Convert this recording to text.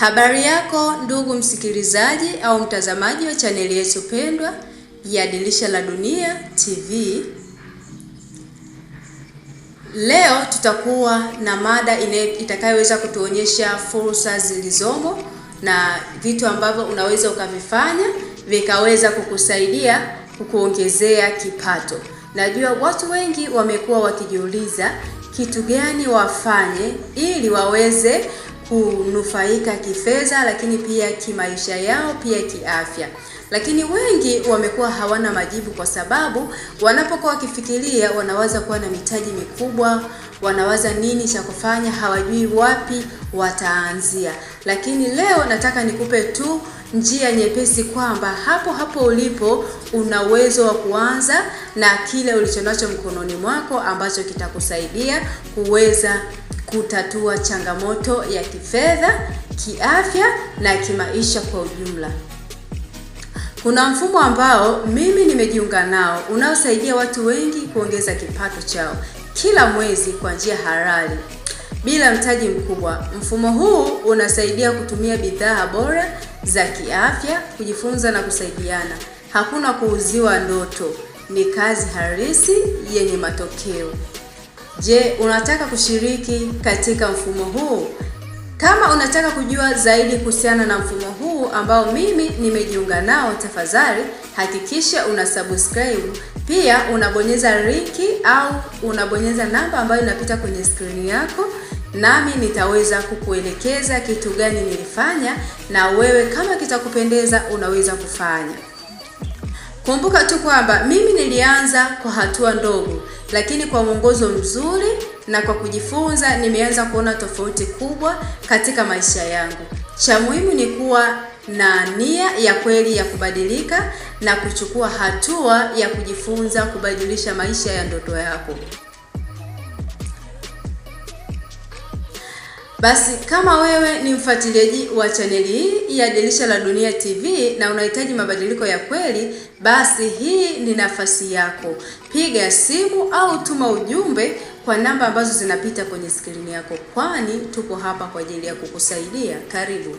Habari yako ndugu msikilizaji au mtazamaji wa chaneli yetu pendwa ya Dirisha la Dunia TV. Leo tutakuwa na mada itakayoweza kutuonyesha fursa zilizomo na vitu ambavyo unaweza ukavifanya vikaweza kukusaidia kukuongezea kipato. Najua watu wengi wamekuwa wakijiuliza kitu gani wafanye ili waweze kunufaika kifedha, lakini pia kimaisha yao, pia kiafya. Lakini wengi wamekuwa hawana majibu kwa sababu wanapokuwa wakifikiria wanawaza kuwa na mitaji mikubwa, wanawaza nini cha kufanya, hawajui wapi wataanzia. Lakini leo nataka nikupe tu njia nyepesi kwamba hapo hapo ulipo una uwezo wa kuanza na kile ulichonacho mkononi mwako ambacho kitakusaidia kuweza kutatua changamoto ya kifedha, kiafya na kimaisha kwa ujumla. Kuna mfumo ambao mimi nimejiunga nao unaosaidia watu wengi kuongeza kipato chao kila mwezi kwa njia halali bila mtaji mkubwa. Mfumo huu unasaidia kutumia bidhaa bora za kiafya, kujifunza na kusaidiana. Hakuna kuuziwa ndoto, ni kazi halisi yenye matokeo. Je, unataka kushiriki katika mfumo huu? Kama unataka kujua zaidi kuhusiana na mfumo huu ambao mimi nimejiunga nao, tafadhali hakikisha una subscribe, pia unabonyeza linki au unabonyeza namba ambayo inapita kwenye skrini yako, nami nitaweza kukuelekeza kitu gani nilifanya, na wewe kama kitakupendeza unaweza kufanya. Kumbuka tu kwamba mimi nilianza kwa hatua ndogo, lakini kwa mwongozo mzuri na kwa kujifunza, nimeanza kuona tofauti kubwa katika maisha yangu. Cha muhimu ni kuwa na nia ya kweli ya kubadilika na kuchukua hatua ya kujifunza kubadilisha maisha ya ndoto yako. Basi kama wewe ni mfuatiliaji wa chaneli hii ya Dirisha la Dunia TV na unahitaji mabadiliko ya kweli, basi hii ni nafasi yako. Piga simu au tuma ujumbe kwa namba ambazo zinapita kwenye skrini yako, kwani tuko hapa kwa ajili ya kukusaidia. Karibu.